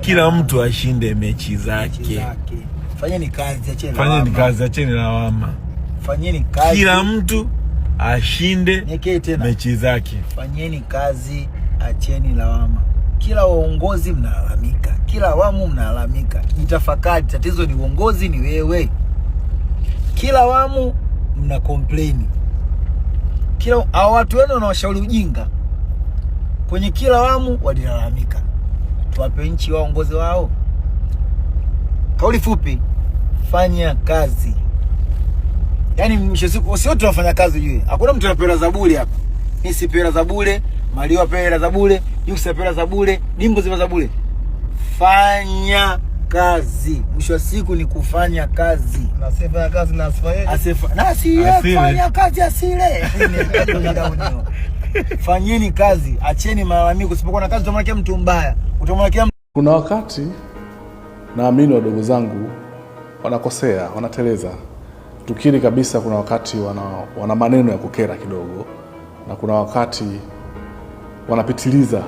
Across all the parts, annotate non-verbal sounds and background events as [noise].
kila mtu ashinde mechi zake. Fanyeni kazi, acheni lawama. Fanyeni kazi, Fanyeni kazi. Kila mtu ashinde mechi zake. Fanyeni kazi, acheni lawama. Kila uongozi mnalalamika, kila awamu mnalalamika. Jitafakari, tatizo ni uongozi, ni wewe. Kila awamu mna complain, kila watu wenu wanawashauri ujinga, kwenye kila awamu walilalamika tuwape nchi waongozi wao. Kauli fupi, fanya kazi. Yaani mwisho siku sio tu wafanya kazi ujue. Hakuna mtu anapewa za bure hapa. Mimi si pewa za bure, Mario apewi hela za bure, Jux apewi za bure, Dimbo zima za bure. Fanya kazi. Mwisho wa siku ni kufanya kazi. Na ya kazi na asifanye. Asifa. Na asifanya kazi asile. [laughs] fanyeni kazi, acheni malalamiko. Usipokuwa na kazi utamwekea mtu mbaya, utamwekea mtu... Kuna wakati naamini wadogo zangu wanakosea, wanateleza. Tukiri kabisa, kuna wakati wana, wana maneno ya kukera kidogo, na kuna wakati wanapitiliza.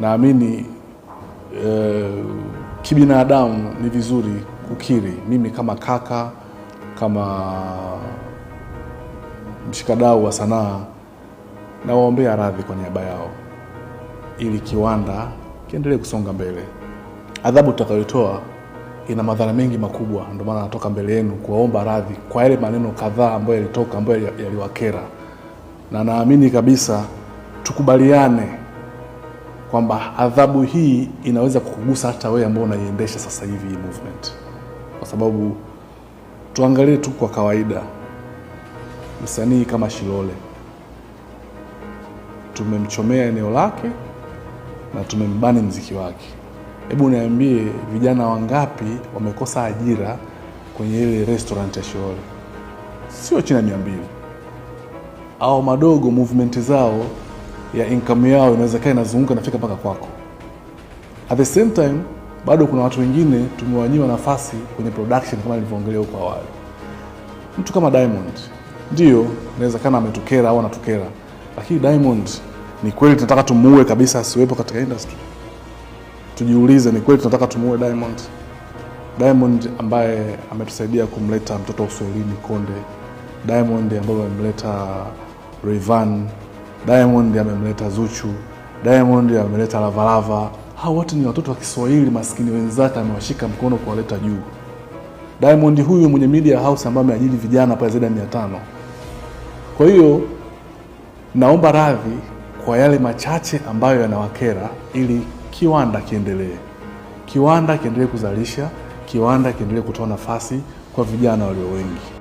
Naamini e, kibinadamu ni vizuri kukiri. Mimi kama kaka, kama mshikadau wa sanaa Nawaombea radhi kwa niaba yao ili kiwanda kiendelee kusonga mbele. Adhabu tutakayotoa ina madhara mengi makubwa, ndio maana natoka mbele yenu kuwaomba radhi kwa yale maneno kadhaa ambayo yalitoka, ambayo yaliwakera, na naamini kabisa tukubaliane kwamba adhabu hii inaweza kukugusa hata wewe ambao unaiendesha sasa hivi hii movement, kwa sababu tuangalie tu kwa kawaida, msanii kama Shilole tumemchomea eneo lake na tumembani mziki wake. Hebu niambie, vijana wangapi wamekosa ajira kwenye ile restaurant ya shole Sio chini ya mia mbili. Au madogo movement zao ya income yao inaweza inazunguka nafika mpaka kwako. At the same time bado kuna watu wengine tumewanyima nafasi kwenye production kama nilivyoongelea huko awali. Mtu kama Diamond ndio inawezekana ametukera au anatukera lakini Diamond ni kweli tunataka tumuue kabisa asiwepo katika industry? Tujiulize, ni kweli tunataka tumuue Diamond? Diamond ambaye ametusaidia kumleta mtoto wa Kiswahilini Konde, Diamond ambaye amemleta Rayvanny, Diamond amemleta Zuchu, Diamond ameleta Lavalava. Hawa wote ni watoto wa Kiswahili maskini wenzake, amewashika mkono kuwaleta juu. Diamond huyu mwenye media house ambaye ameajiri vijana pale zaidi ya 500. Kwa hiyo Naomba radhi kwa yale machache ambayo yanawakera, ili kiwanda kiendelee, kiwanda kiendelee kuzalisha, kiwanda kiendelee kutoa nafasi kwa vijana walio wengi.